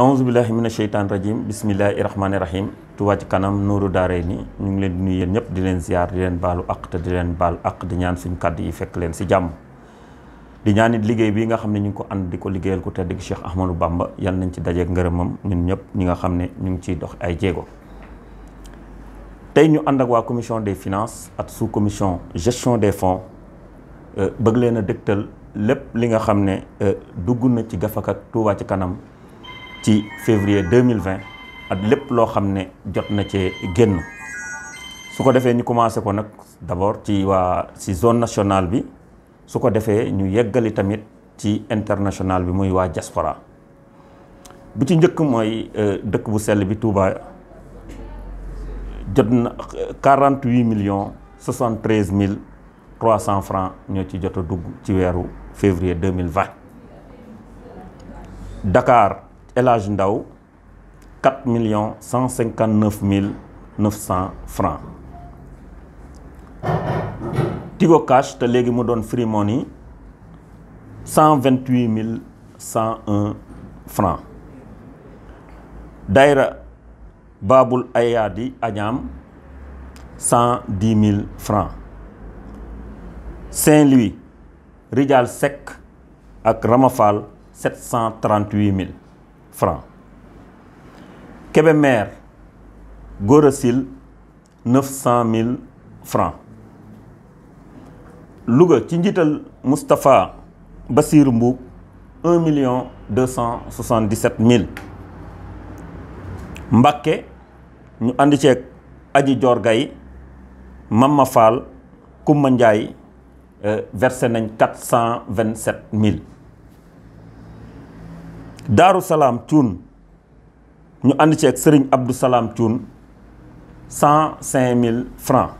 auzu billahi mina sheytaan rajim bismillahi rahmaani rahim Touba Ca Kanam Nuuru nii ñu ngi leen di nuyu yéen ñëpp di leen ziar di leen baalu àq te di leen baal ak di ñaan suñu kàddu yi fekk leen si jàmm di ñaan it liggéey bii nga xam ne ñu ngi ko ànd di ko liggéeyal ku tedd gi Cheikh Ahmadou Bamba yal nañ ci dajeeg ngërëmam ñun ñëpp ñi nga xam ne ñu ngi ciy dox ay jéego tey ñu ànd ak waa commission des finances ak sous commission gestion des fonds euh, bëgg leen a dëgtal lépp li nga xam ne euh, dugg na ci gafak ak Touba Ca Kanam ci février 2020 ak lépp loo xam ne jot na cee génn su ko defee ñu commencé ko nag d'abord ci waa ci zone nationale bi su ko defee ñu yeggali tamit ci international bi muy waa diaspora bu ci njëkk mooy euh, dëkk bu sell bi Touba jot na 48 millions 73 mille 300 francs ñoo ci jot a dugg ci weeru février 2020 Dakar El Hadj Ndaw 4 millions 159 mille 900 francs Tigo Cash te léegi mu doon Free Money 128 mille 101 francs Daïra Babul Ayadi Agnam 110 mille francs Saint-Louis Rijal Seck ak Ramafal 738 mille francs Kébémer Gora Syll cent mille francs Louga ci njiital Moustapha Bassirou Mbuub un million deux cent soixante-dix-sept mille Mbacké ñu ànd ceeg Aji Dior Gaye Mamma Fall Kumba Ndiaye euh, versé nañ quatre cent vingt-sept mille daaru salaam cuun ñu ànd ci ceeg sëriñ abdu salaam cuun cent cinq mille francs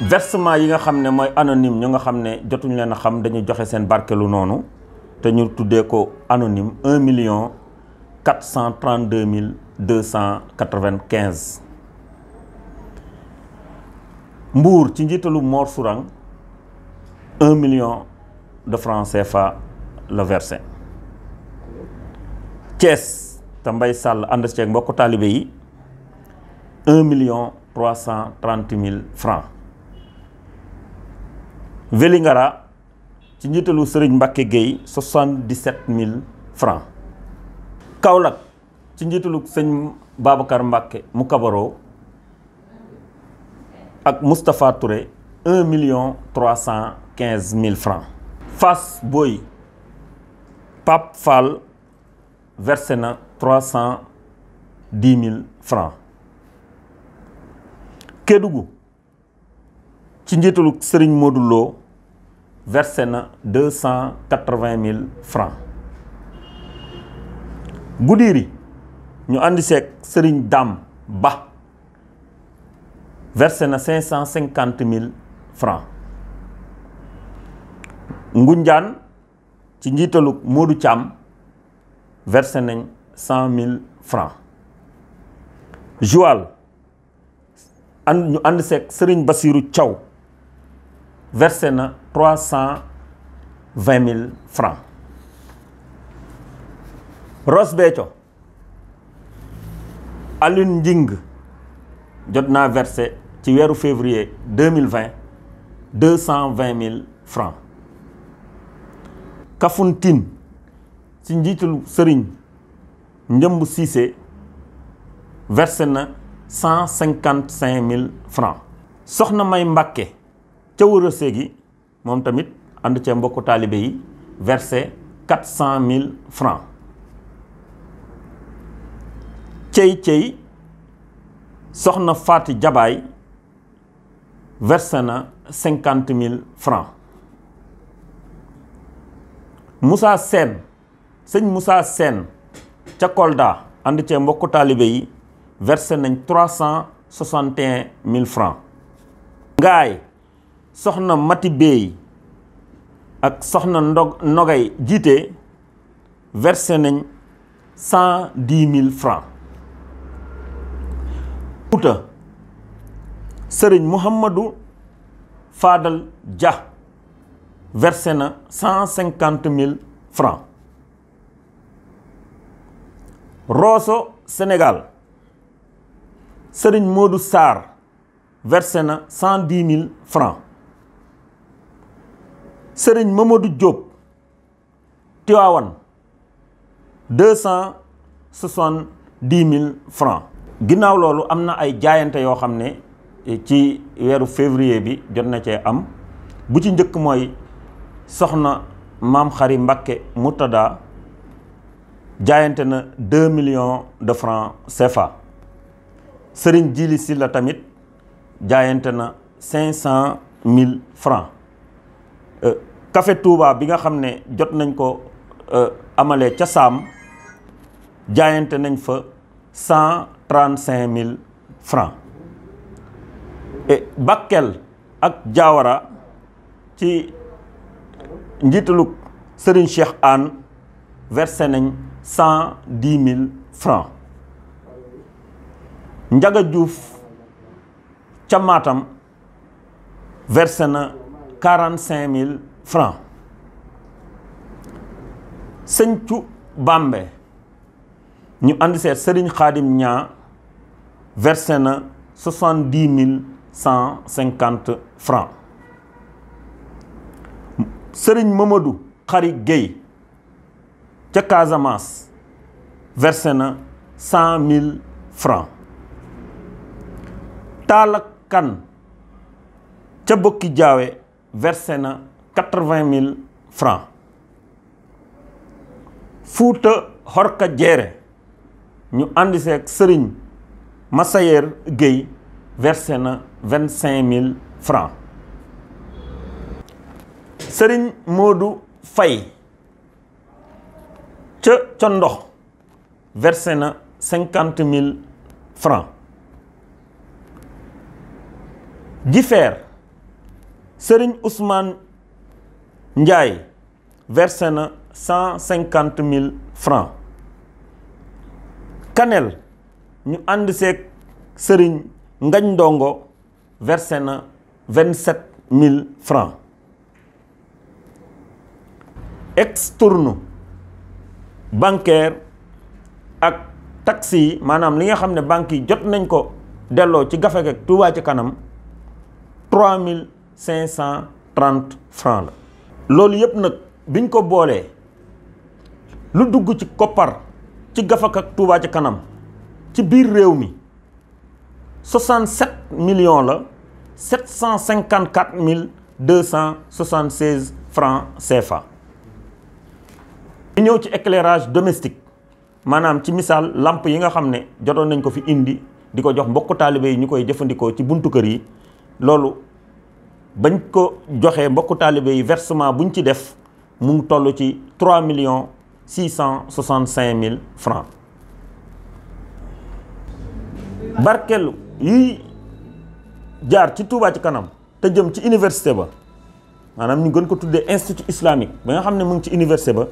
versement yi nga xam ne mooy anonyme ñu nga xam ne jotuñu leen a xam dañu joxe seen barkelu noonu te ñu tuddee ko anonyme un million quatre cent trente deux mille deux mbuur ci njiitalu moor Sourang un million de francs CFA le versé Thiès te Mbaye Sall ànd ceeg mbokku taalibe yi un million trois cent trente mille francs Vélingara ci njiitalu Serigne Mbacke Gueye soixante dix sept mille francs Kaolack ci njiitalu sëñ Babacar Mbacke mu kabaroo ak Moustapha Touré un million trois cent quinze mille francs fas Boy Pape Fall versé na trois cent dix mille francs Kédougou ci njiitalu Serigne Modou Lo na deux cent quatre-vingt mille francs Goudiri ñu àndi seeg Serigne Dame Ba versé na cinq cent cinquante mille francs Ngunjaan ci njiitalu Modou Thiam versé nañ cent mille francs joial and ñu ànd seeg Serigne Bassirou Thiaw versé na trois cent vingt mille francs Ross Béthio Alioune Ngingue jot naa versé ci weeru février deux vingt deux cent mille francs Kafountine ci njiitul sëriñ Njëmb Cissé versé na cent cinquante cinq mille francs soxna May Mbàkke ca wërëse gi moom tamit ànd cee mbokku taalibe yi versé quatre cent mille francs cey cey soxna Faati Jabaay versé na cinquante mille francs Moussa Sène sëñ Moussa Sène ca Kolda ànd cee mbokku taalibe yi versé nañ trois cent soixante un mille francs ngaay soxna Mati Bey ak soxna ndog Nogay jiite versé nañ cent dix mille francs Fouta seriñ Mouhamadou Fadal Dia versé na cent cinquante mille francs Rosso Sénégal Serigne Modou Sarr versé na cent dix mille francs Serigne Mamadou Diop Tivaouane deux cent soixante dix mille francs ginnaaw loolu am na ay jaayante yoo xam ne ci weeru février bi jot na cee am bu ci njëkk mooy soxna maam xari Mbakke Murtada jaayante na deux millions de francs CFA sëriñ Jili Silla tamit jaayante na cinq cent mille francs euh, Café Touba bi nga xam ne jot nañ ko euh, amalee ca Saam jaayante nañ fa cent trente cinq mille francs et ak Diawara ci njiitalug Serigne Cheikh Anne versé nañ cent dix mille francs Njaga Juuf ca Matam versé na quarante cinq mille francs sëñcu Bambey ñu ànd seet Serigne Khadim ñaa versé na soixante dix mille cent cinquante francs sëriñ Mamadou xari Guèye ca Casamance versé na cent mille francs Talla Kane ca Bokki Jaawe versé na quatre-vingt mille francs Fuuta Xorka Jeere ñu ànd seeg sëriñ Massayer Guèye versé na vingt-cinq mille francs sëriñ moodu fay ca ca ndox versé na cinquante mille francs Jifeer sëriñ Ousmane Ndiaye versé na cent cinquante mille francs Kanel ñu ànd seeg sëriñ Ngañ Ndongo versé na vingt sept mille francs ex externe bancaire ak taxes yi maanaam li nga xam ne banques yi jot nañ ko delloo ci gafek ak Touba ci kanam trois mille cinq cent trente francs la loolu yëpp nag biñ ko boolee lu dugg ci koppar ci gafak ak Touba ci kanam ci biir réew mi 67 millions la 754 mille 276 francs CFA ñu ñëw ci éclairage domestique maanaam ci misaal làmp yi nga xam ne jotoon nañ ko fi indi di ko jox mbokku taalibe yi ñu koy jëfandikoo ci buntu kër yi loolu bañ ko joxee mbokku taalibe yi versement buñ ci def mu ngi toll ci 3 millions 665 mille francs barkeelu yuy jaar ci Touba ci kanam te jëm ci université ba maanaam ñu gën ko tuddee institut islamique ba nga xam ne mu ngi ci université ba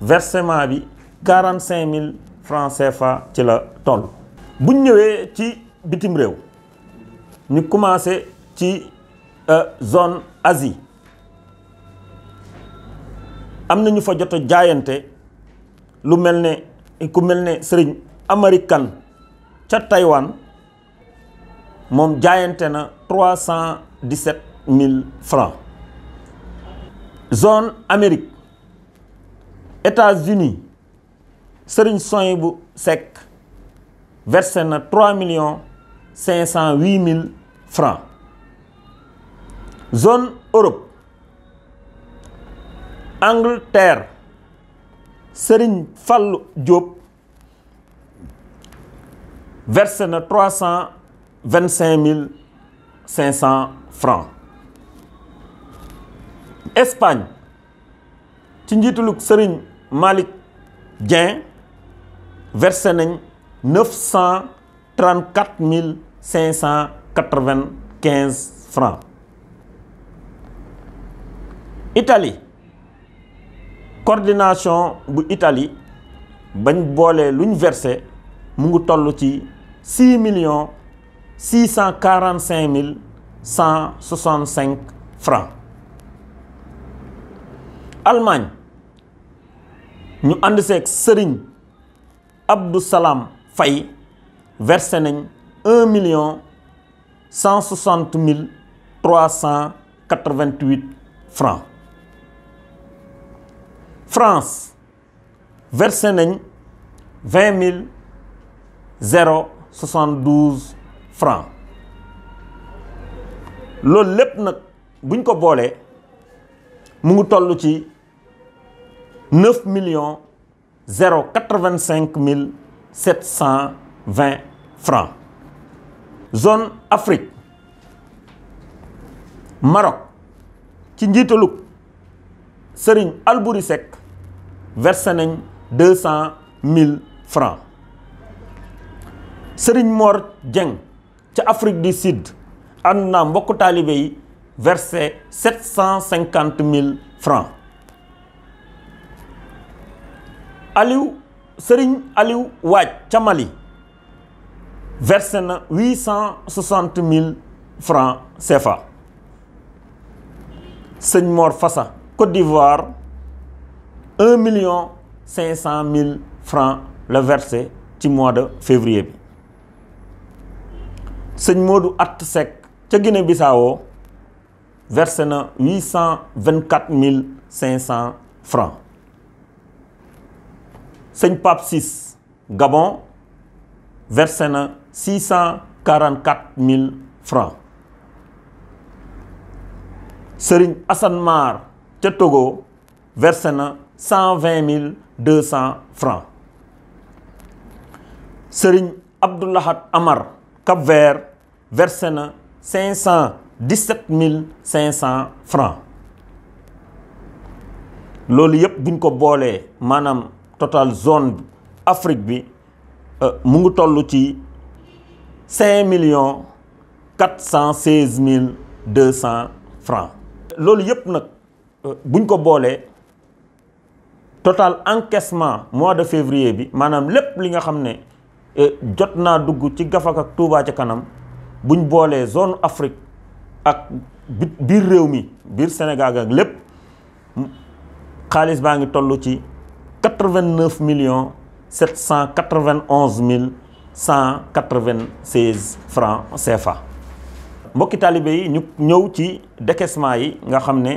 versement bi quarante cinq mille francs CFA ci la tool bu ñëwee ci bitim réew ñu commencé ci euh, zone Asie am na ñu fa jot a jaayante lu mel ne ku mel ne sëriñ américain ca Taïwan moom jaayante na trois cent dix mille francs zone Amérique. États-Unis Serigne bu Seck versé na trois millions cinq cent zone Europe Angleterre sëriñ Fallou Diop versé na trois cent vingt cinq mille cinq cent francs Espagne ci njiitalug Serigne Malick Dieng versé nañ neuf cent trente quatre mille cinq cent quatre Italie coordination bu Italie bañ boole luñ verse mu ngi toll ci six millions six cent mille cent soixante cinq ñu ànd seeg sëriñ Abdou Salam Faye versé nañ un million cent soixante mille trois cent quatre-vingt-huit francs France versé nañ vingt mille zéro soixante-douze francs loolu lépp nag buñ ko boolee mu ngi toll ci neuf millions zéro quatre-vingt-cinq mille sept cent vingt francs zone Afrique Maroc ci njiitalug Serigne Albouri Seck versé nañ deux cent mille francs Serigne Mor Dieng ca Afrique di Sud ànd na mbokku taalibe yi versé sept cent cinquante mille francs Aliou Serigne Aliou Waaj ca Mali versé na huit cent soixante mille francs CFA sëñ Mor Fassa Côte d'Ivoire un million cinq cent mille francs la versé ci mois de février bi sëñ Modou Att Seck ca Guinée Bissau versé na huit cent vingt quatre mille cinq cent francs sëñ Pape Ciss Gabon versé na six cent quarante quatre mille francs Sëriñ Assane Mar ca Togo versé na cent vingt mille deux cent francs Sëriñ Abdoulahat Amar Cap-Vert versé na cinq cent dix sept mille cinq cent francs loolu yëpp buñ ko boolee maanaam. total zone Afrique bi euh, mu ngi tollu ci cinq millions quatre cent seize mille deux cent francs loolu yëpp nag euh, buñ ko boolee total encaissement mois de février bi maanaam lépp li nga xam ne euh, jot naa dugg ci gafak ak Touba ca kanam buñ boolee zone Afrique ak bit biir réew mi biir Sénégal ak lépp xaalis baa ngi tollu ci quatre-vingt-neuf millions sept cent quatre-vingt-onze mille cent quatre-vingt-seize francs CFA mbokki taalibe yi ñu ñëw ci décaissement yi nga xam ne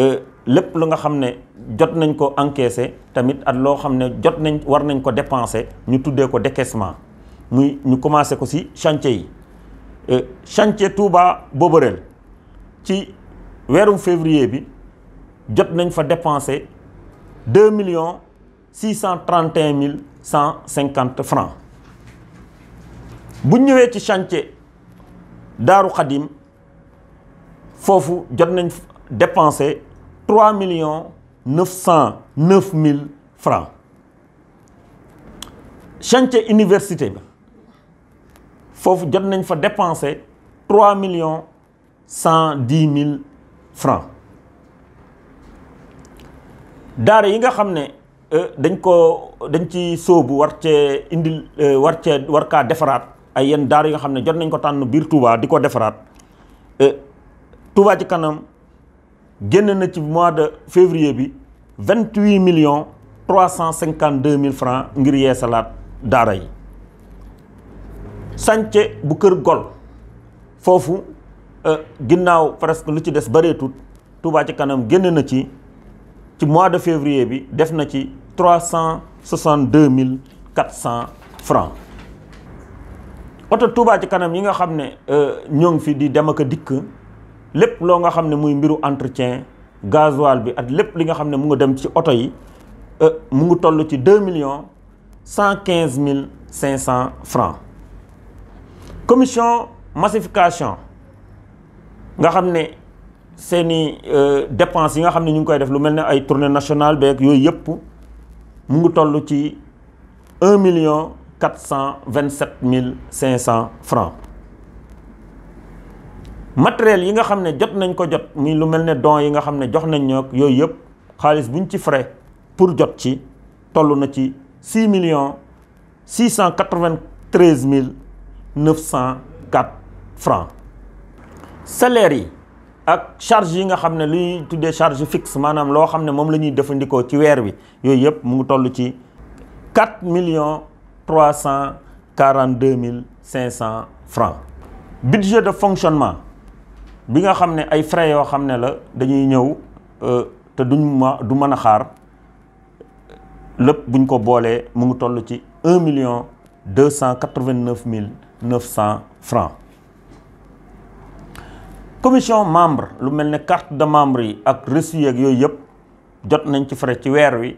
euh, lépp lu nga xam ne jot nañ ko encaissé tamit at loo xam ne jot nañ war nañ ko dépensé ñu tuddee ko décaissement muy ñu commencé ko ci chantier yi euh, chantier Touba Boborel ci weerum février bi jot nañ fa dépensé deux millions six cent trente mille cent cinquante francs bu ñëwee ci chantier Daaru Xadim foofu jot nañ dépensé trois million neuf cent neuf mille francs chantier université bi foofu jot nañ fa dépensé trois million cent dix mille francs daara yi nga xam ne euh, dañ ko dañ ci sóobu war cee indil euh, war cee war kaa defaraat ay yenn daara yi nga xam ne jot nañ ko tànn biir Touba di ko defaraat euh, Touba ci kanam génn na ci mois de février bi vingt huit millions trois cent cinquante deux mille francs ngir yee salaat daara yi sànce bu kër gol foofu ginnaaw presque lu ci des bareetut Touba ci kanam génn na ci ci mois de février bi def na ci trois cent soixante deux mille quatre cent francs oto Touba ci kanam yi nga xam ne euh, ñoo ngi fi di dem ak dikk lépp loo nga xam ne muy mbiru entretien gasoil bi at lépp li nga xam ne mu nga dem ci oto yi euh, mu ngi toll ci deux millions cent quinze mille cinq cent francs commission massification nga xam ne seeni euh, dépenses yi nga xam ne ñu ngi koy def lu mel ne ay tournée nationale beeg yooyu yëpp mu ngi toll ci un million quatre cent vingt sept mille cinq cent francs matériel yi nga xam ne jot nañ ko jot muy lu mel ne don yi nga xam ne jox nañ ñoog yooyu yëpp xaalis buñ ci frais pour jot ci toll na ci six millions six cent quatre vingt treize mille neuf cent quatre francs salaire yi. ak charge yi nga xam ne luy tuddee charge fixe maanaam loo xam ne moom la ñuy jëfandikoo ci weer wi yooyu yëpp mu ngi toll ci quatre million trois cent quarante deux mille cinq cent francs budget de fonctionnement bi nga xam ne ay frais yoo xam ne la dañuy ñëw euh, te duñ ma du mën a xaar lépp buñ ko boolee mu ngi toll ci un million deux cent quatre vingt neuf mille neuf cent francs commission membre lu mel ni carte de membre yi ak reçu yeeg yooyu yëpp jot nañ ci frais ci weer wi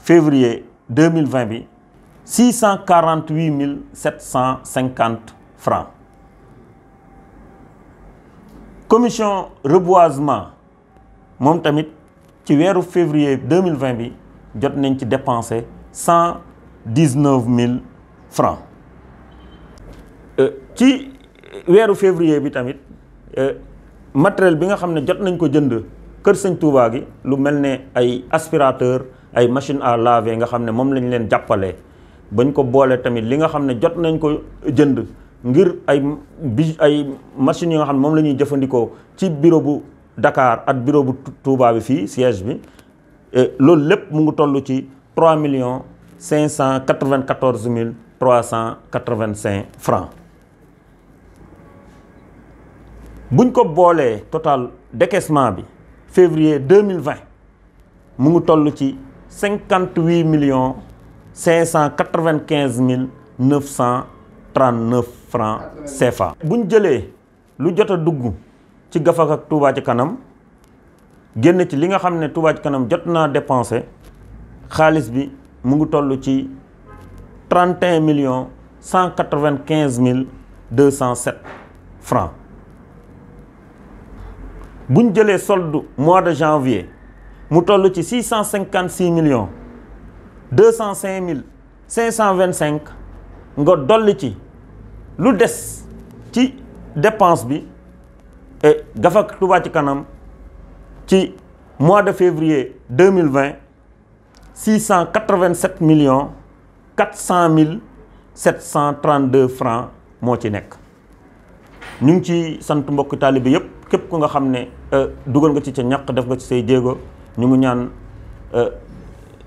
février 2020 bi 648 750 francs commission reboisement moom tamit ci weeru février 2020 bi jot nañ ci dépensé cent 119 mille francs euh, ci weeru février bi tamit Euh, matériel bi nga xam ne jot nañ ko jënd kër sañ Touba gi lu mel ne ay aspirateur ay machine à laver nga xam ne moom lañu leen jàppalee bañ ko boolee tamit li nga xam ne jot nañ ko jënd ngir ay bi ay machines yi nga xam ne moom la ñuy jëfandikoo ci bureau bu Dakar ak bureau bu Touba bi fii siège bi euh, loolu lépp mu ngi toll ci 3 millions 594 mille 385 francs buñ ko boolee total décaissement bi février 2020 mu ngi toll ci cinquante huit millions cinq cent quatre vingt mille neuf cent trente neuf francs CFA. jëlee lu jot a dugg ci gafak ak Touba ci kanam génn ci li nga xam ne Touba ci kanam jot naa dépensé xaalis bi mu ngi toll ci trente et cent quatre vingt mille deux cent bu ñu jëlee solde mois de janvier mu toll ci six cent cinquante six millions deux cent cinq mille cinq cent vingt cinq nga doll ci lu des ci dépense bi et gafa ci kanam ci mois de février deux mille vingt six cent quatre vingt sept millions quatre cent mille sept cent trente deux francs moo ci nekk ñu ngi ci sant mbokk taalibe yépp képp ku nga xam ne euh, dugal nga ci ca ñaq def nga ci say jéego ñu ngi ñaan euh,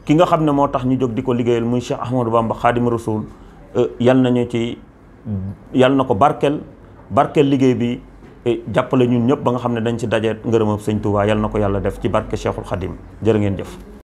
ki nga xam ne moo tax ñu jóg di ko liggéeyal muy Cheikh Ahmadou Bamba Xaadimu Rasuul euh, yal nañu ci yal na ko barkeel barkeel liggéey bi jàppale ñun ñëpp ba nga xam ne dañ ci daje ngërëmam sëñ Tuubaa yal na ko yàlla def ci barke Cheikhul Xadim jërë ngeen jëf